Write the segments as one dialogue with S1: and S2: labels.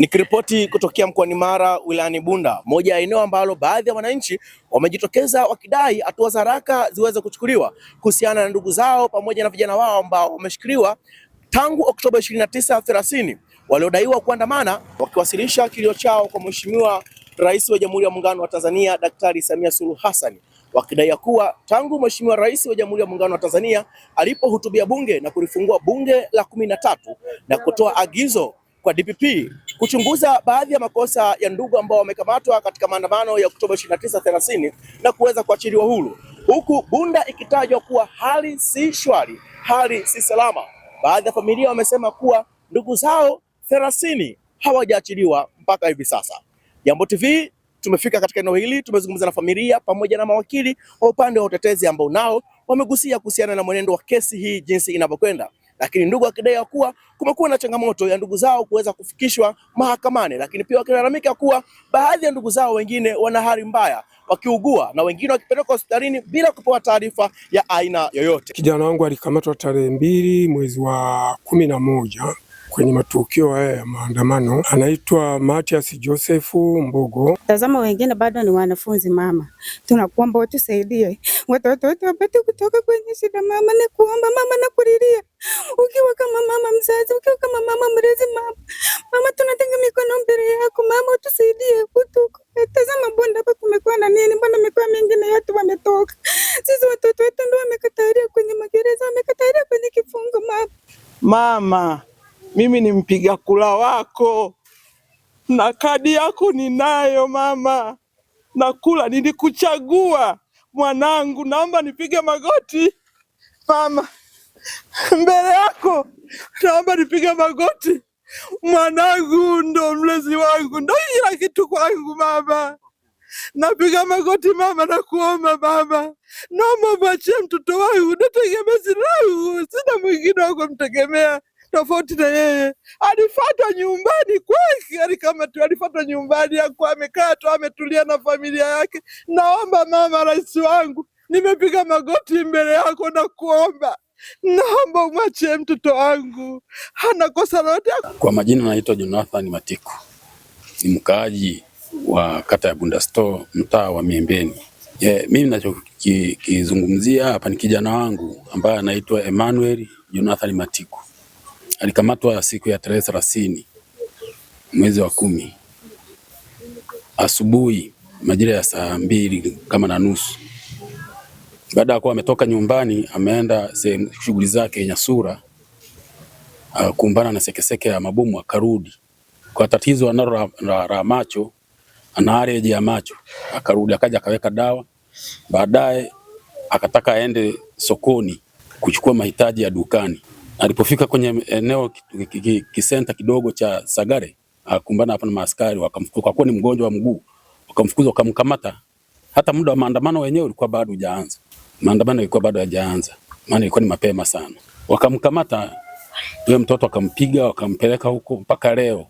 S1: Nikiripoti kutokea mkoani Mara wilayani Bunda, moja ya eneo ambalo baadhi ya wananchi wamejitokeza wakidai hatua za haraka ziweze kuchukuliwa kuhusiana na ndugu zao pamoja na vijana wao ambao wameshikiliwa tangu Oktoba 29, 30 waliodaiwa kuandamana wakiwasilisha kilio chao kwa Mheshimiwa Rais wa Jamhuri ya Muungano wa Tanzania Daktari Samia Suluhu Hassan wakidai kuwa tangu Mheshimiwa Rais wa Jamhuri ya Muungano wa Tanzania alipohutubia bunge na kulifungua bunge la kumi na tatu na kutoa agizo kwa DPP kuchunguza baadhi ya makosa ya ndugu ambao wamekamatwa katika maandamano ya Oktoba 29, 30 na kuweza kuachiliwa huru, huku Bunda ikitajwa kuwa hali si shwari, hali si salama. Baadhi ya familia wamesema kuwa ndugu zao 30 hawajaachiliwa mpaka hivi sasa. Jambo TV tumefika katika eneo hili, tumezungumza na familia pamoja na mawakili wa upande wa utetezi ambao nao wamegusia kuhusiana na mwenendo wa kesi hii jinsi inavyokwenda. Lakini ndugu akidai ya kuwa kumekuwa na changamoto ya ndugu zao kuweza kufikishwa mahakamani, lakini pia wakilalamika kuwa baadhi ya ndugu zao wengine wana hali mbaya wakiugua na wengine wakipelekwa hospitalini bila kupewa taarifa ya aina yoyote.
S2: Kijana wangu alikamatwa tarehe mbili mwezi wa kumi na moja kwenye matukio haya ya maandamano. Anaitwa Matias Josefu Mbogo.
S3: Tazama, wengine bado ni wanafunzi mama, tunakuomba utusaidie watoto wote wapate kutoka kwenye shida mama, na kuomba mama na ukiwa kama mama mzazi, ukiwa kama mama mrezi mama, mama tunatenga mikono mbele yako mama, utusaidie kutoka Tazama bonde hapa kumekuwa na nini, mbona mikoa mingine yote wametoka, sisi watoto wetu ndio wamekataria kwenye magereza, wamekataria kwenye kifungo mama,
S4: mama mimi ni mpiga kula wako na kadi yako ninayo mama, na kula nilikuchagua mwanangu, naomba nipige magoti mama, mbele yako naomba nipige magoti mwanangu, ndo mlezi wangu, ndo kila kitu kwangu mama, napiga magoti mama, nakuomba mama, naomba mwachie mtoto wangu, nategemezi langu, sina mwingine wa kumtegemea tofauti na yeye. alifata nyumbani kwake, yaani tu alifatwa nyumbani yako, amekaa tu ametulia na familia yake. Naomba mama, rais wangu, nimepiga magoti mbele yako na kuomba, naomba umwachie mtoto wangu, hana kosa lolote.
S5: Kwa majina naitwa Jonathan Matiku, ni mkaaji wa kata ya Bundasto, mtaa wa Miembeni. Yeah, mimi ninachokizungumzia hapa ni kijana wangu ambaye anaitwa Emmanuel Jonathan Matiku alikamatwa siku ya tarehe thelathini mwezi wa kumi asubuhi majira ya saa mbili kama na nusu, baada ya kuwa ametoka nyumbani ameenda sehemu shughuli zake Nyasura, akumbana ah, na sekeseke ya mabomu akarudi. Kwa tatizo analo la macho, ana areji ya macho, akarudi akaja akaweka dawa, baadaye akataka aende sokoni kuchukua mahitaji ya dukani. Alipofika kwenye eneo kisenta kidogo cha Sagare akumbana hapa na maaskari, wakamfukuza kwa kuwa ni mgonjwa wa mguu, wakamfukuza wakamkamata. Hata muda wa maandamano wenyewe ulikuwa bado hujaanza, maandamano yalikuwa bado hayajaanza, maana ilikuwa ni mapema sana. Wakamkamata yule mtoto, wakampiga wakampeleka huko. Mpaka leo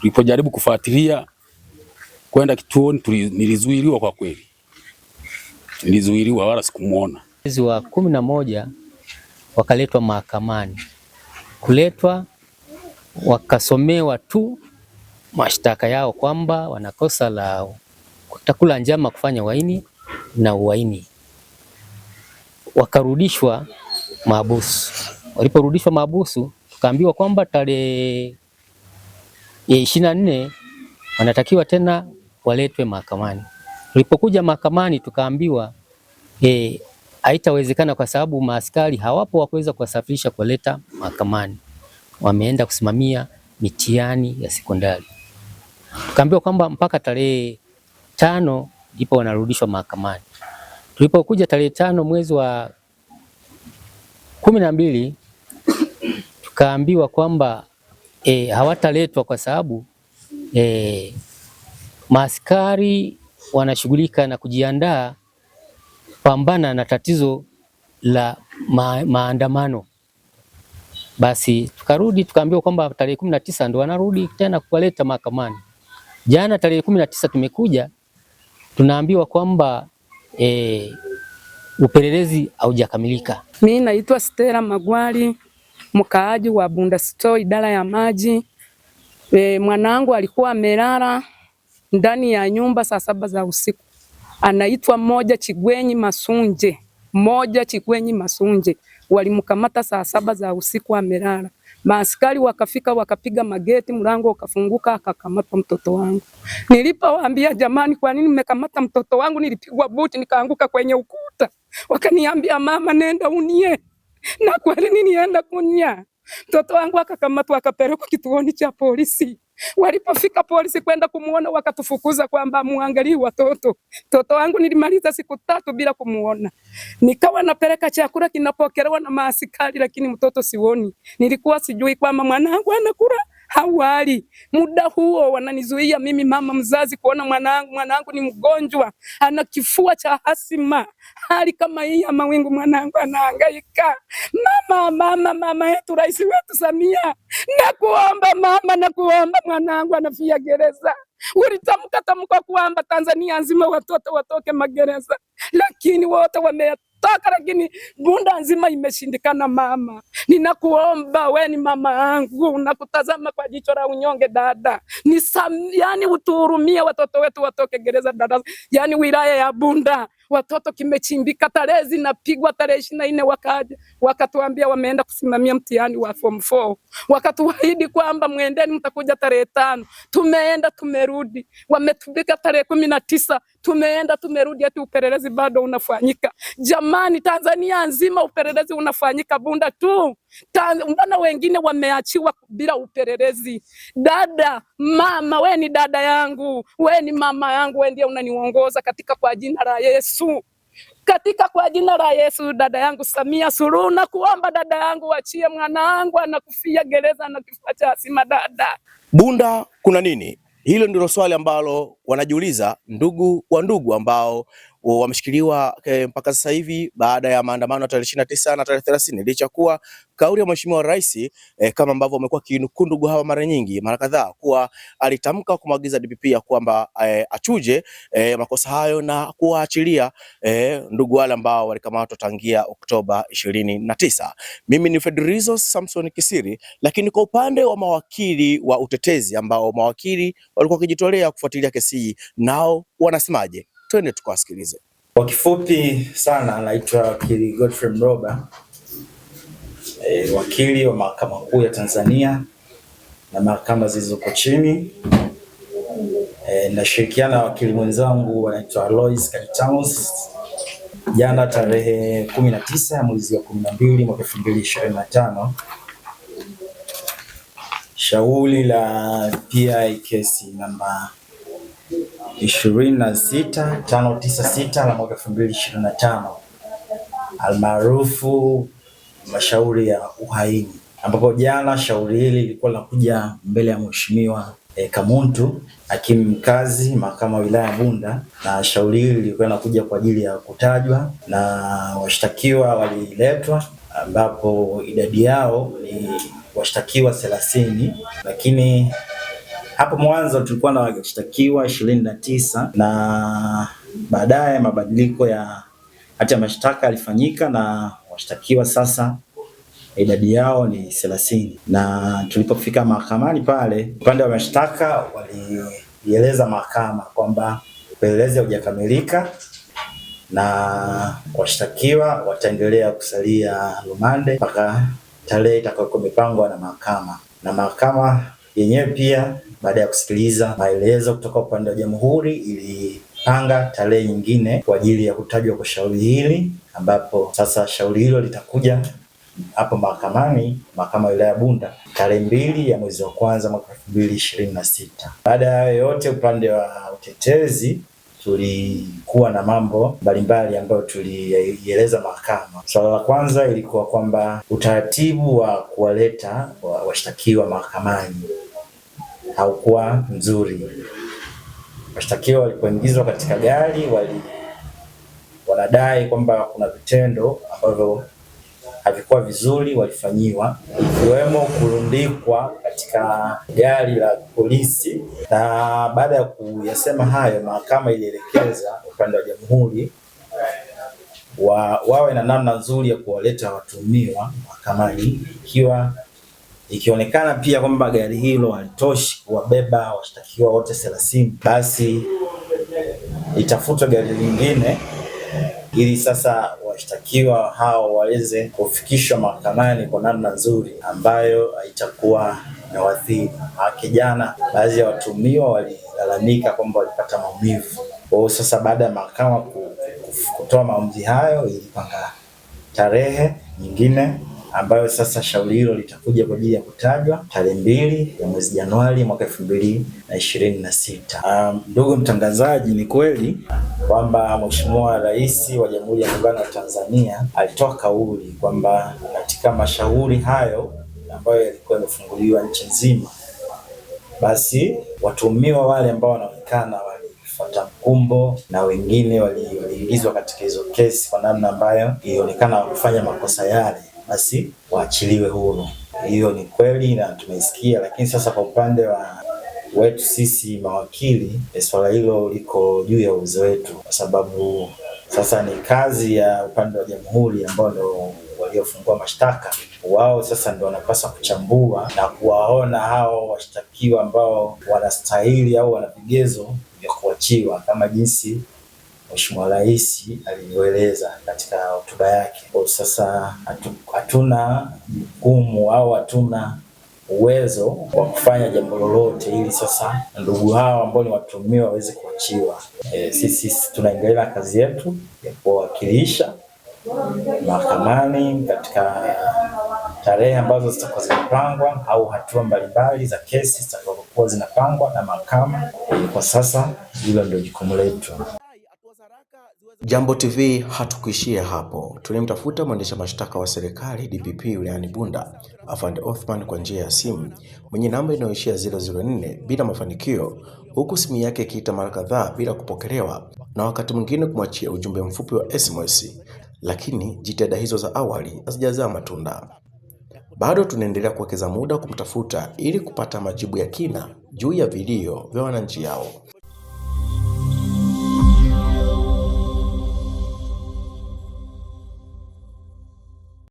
S5: tulipojaribu kufuatilia kwenda kituoni, nilizuiliwa kwa kweli, nilizuiliwa wala sikumuona
S6: mwezi wa kumi na moja wakaletwa mahakamani, kuletwa wakasomewa tu mashtaka yao kwamba wanakosa la kutakula njama kufanya uhaini na uhaini, wakarudishwa mahabusu. Waliporudishwa mahabusu, tukaambiwa kwamba tarehe ya ishirini na nne wanatakiwa tena waletwe mahakamani. Tulipokuja mahakamani, tukaambiwa eh, haitawezekana kwa sababu maaskari hawapo wa kuweza kuwasafirisha kuleta mahakamani, wameenda kusimamia mitihani ya sekondari. Tukaambiwa kwamba mpaka tarehe tano ndipo wanarudishwa mahakamani. Tulipokuja tarehe tano mwezi wa kumi na mbili tukaambiwa kwamba e, hawataletwa kwa sababu e, maaskari wanashughulika na kujiandaa pambana na tatizo la ma, maandamano. Basi tukarudi tukaambiwa kwamba tarehe kumi na tisa ndo wanarudi tena kuwaleta mahakamani. Jana tarehe kumi na tisa tumekuja tunaambiwa kwamba e, upelelezi haujakamilika.
S7: Mimi naitwa Stella Magwali, mkaaji wa Bunda Store, idara ya maji. E, mwanangu alikuwa amelala ndani ya nyumba saa saba za usiku anaitwa Moja Chigwenyi Masunje. Moja Chigwenyi Masunje walimkamata saa saba za usiku amelala. maaskari wakafika wakapiga mageti, mlango ukafunguka, akakamatwa mtoto wangu. Nilipowaambia jamani, kwa nini mmekamata mtoto wangu, nilipigwa buti nikaanguka kwenye ukuta. Wakaniambia mama, nenda unie, na nini nienda kunya? Mtoto wangu akakamatwa akapelekwa kituoni cha polisi. Walipofika polisi kwenda kumuona, wakatufukuza kwamba muangalie watoto. Toto wangu nilimaliza siku tatu bila kumuona, nikawa napeleka chakula kinapokelewa na maasikari, lakini mtoto sioni. Nilikuwa sijui kwamba mwanangu anakula hawali. Muda huo wananizuia mimi mama mzazi kuona mwanangu. Mwanangu ni mgonjwa, ana kifua cha asima. Hali kama hii ya mawingu, mwanangu anahangaika. Mama, mama, mama yetu rais wetu Samia, nakuomba mama, nakuomba, mwanangu anafia gereza. Ulitamka tamka kwamba Tanzania nzima watoto watoke magereza, lakini wote wame taka, lakini bunda nzima imeshindikana. Mama, ninakuomba we, ni mama yangu, nakutazama kwa jicho la unyonge dada, nisam, yani utuhurumie, watoto wetu watoke gereza dada, yani wilaya ya Bunda watoto kimechimbika, tarehe zinapigwa, tarehe ishirini na nne wakaja wakatuambia wameenda kusimamia mtihani wa form 4 wakatuahidi kwamba mwendeni, mtakuja tarehe tano. Tumeenda tumerudi, wametubika tarehe kumi na tisa tumeenda tumerudi, hati upelelezi bado unafanyika. Jamani, Tanzania nzima upelelezi unafanyika Bunda tu. Mbona wengine wameachiwa bila upelelezi? Dada mama, we ni dada yangu, we ni mama yangu, we ndiye unaniongoza katika kwa jina la Yesu. Yesu, katika kwa jina la Yesu, dada yangu Samia Suluhu, na kuomba dada yangu, wachie mwanangu, anakufia gereza na kifua cha asima. Dada
S1: Bunda, kuna nini? Hilo ndilo swali ambalo wanajiuliza ndugu wa ndugu ambao wameshikiliwa eh, mpaka sasa hivi baada ya maandamano ya tarehe 29 na tarehe 30, licha kuwa kauli ya mheshimiwa rais e, kama ambavyo amekuwa kiinuku hawa mara nyingi mara kadhaa kuwa alitamka kumwagiza DPP ya kwamba e, achuje e, makosa hayo na kuwaachilia e, ndugu wale ambao walikamatwa tangia Oktoba 29. Mimi ni Fedrizo Samson Kisiri, lakini kwa upande wa mawakili wa utetezi ambao mawakili walikuwa wakijitolea kufuatilia kesi hii, nao wanasemaje? twende tukawasikilize.
S8: Kwa kifupi sana, naitwa wakili Godfrey Mroba, e, wakili wa mahakama kuu ya Tanzania na mahakama zilizoko chini e, nashirikiana na wakili mwenzangu anaitwa Alois Katitamos. Jana tarehe kumi na tisa mwezi wa kumi na mbili mwaka elfu mbili ishirini na tano shauri la PI kesi namba ishirini na sita tano tisa sita la mwaka elfu mbili ishirini na tano almaarufu mashauri ya uhaini, ambapo jana shauri hili lilikuwa linakuja mbele ya mheshimiwa e, Kamuntu hakimu mkazi mahakama wilaya Bunda, na shauri hili lilikuwa linakuja kwa ajili ya kutajwa na washtakiwa waliletwa, ambapo idadi yao ni washtakiwa thelathini lakini hapo mwanzo tulikuwa na washtakiwa ishirini na tisa na baadaye mabadiliko ya hati ya mashtaka yalifanyika na washtakiwa sasa idadi yao ni thelathini na tulipofika mahakamani pale, upande wa mashtaka walieleza mahakama kwamba upelelezi haujakamilika na washtakiwa wataendelea kusalia rumande mpaka tarehe itakayopangwa na mahakama na mahakama yenyewe pia baada ya kusikiliza maelezo kutoka upande wa jamhuri ilipanga tarehe nyingine kwa ajili ya kutajwa kwa shauri hili, ambapo sasa shauri hilo litakuja hapo mahakamani, mahakama ya wilaya Bunda tarehe mbili ya mwezi wa kwanza mwaka elfu mbili ishirini na sita. Baada ya hayo yote, upande wa utetezi tulikuwa na mambo mbalimbali ambayo tulieleza mahakama. Swala la kwanza ilikuwa kwamba utaratibu wa kuwaleta washtakiwa mahakamani haukuwa mzuri. Washtakiwa walipoingizwa katika gari wali wanadai kwamba kuna vitendo ambavyo havikuwa vizuri walifanyiwa, ikiwemo kurundikwa katika gari la polisi. Na baada ya kuyasema hayo, mahakama ilielekeza upande wa jamhuri wa wawe na namna nzuri ya kuwaleta watuhumiwa mahakamani ikiwa Ikionekana pia kwamba gari hilo halitoshi kuwabeba washtakiwa wote 30 basi itafutwa gari lingine ili sasa washtakiwa hao waweze kufikishwa mahakamani kwa namna nzuri ambayo haitakuwa na wadhiri. Kijana, baadhi ya watumiwa walilalamika kwamba walipata maumivu. Kwa sasa, baada ya mahakama kutoa maamuzi hayo, ilipanga tarehe nyingine ambayo sasa shauri hilo litakuja kwa ajili ya kutajwa tarehe mbili ya mwezi Januari mwaka elfu mbili na ishirini na sita. Um, ndugu um, mtangazaji, ni kweli kwamba Mheshimiwa Rais wa Jamhuri ya Muungano wa Tanzania alitoa kauli kwamba katika mashauri hayo ambayo yalikuwa yamefunguliwa nchi nzima, basi watuhumiwa wale ambao wanaonekana walifuata mkumbo na wengine waliingizwa wali katika hizo kesi kwa namna ambayo ilionekana wakufanya makosa yale basi waachiliwe huru. Hiyo ni kweli na tumeisikia, lakini sasa kwa upande wa wetu sisi mawakili, eh, swala hilo liko juu ya uwezo wetu, kwa sababu sasa ni kazi ya upande wa jamhuri ambao ndo waliofungua mashtaka. Wao sasa ndo wanapaswa kuchambua na kuwaona hao washtakiwa ambao wanastahili au wana vigezo vya kuachiwa kama jinsi Mheshimiwa Rais alinieleza katika hotuba yake. Kwa oh, sasa hatuna jukumu au hatuna uwezo wa kufanya jambo lolote ili sasa ndugu hao ambao ni watuhumiwa waweze kuachiwa. E, sisi tunaendelea na kazi yetu ya kuwawakilisha mahakamani katika tarehe ambazo zitakuwa zimepangwa au hatua mbalimbali za kesi zitakazokuwa zinapangwa na mahakama. E, kwa sasa hilo ndio jukumu letu.
S1: Jambo TV hatukuishia hapo. Tulimtafuta mwendesha mashtaka wa serikali DPP wilayani Bunda Afande Othman kwa njia ya simu mwenye namba inayoishia 004 bila mafanikio, huku simu yake ikiita mara kadhaa bila kupokelewa na wakati mwingine kumwachia ujumbe mfupi wa SMS, lakini jitihada hizo za awali hazijazaa matunda. Bado tunaendelea kuwekeza muda kumtafuta ili kupata majibu ya kina juu ya vilio vya wananchi yao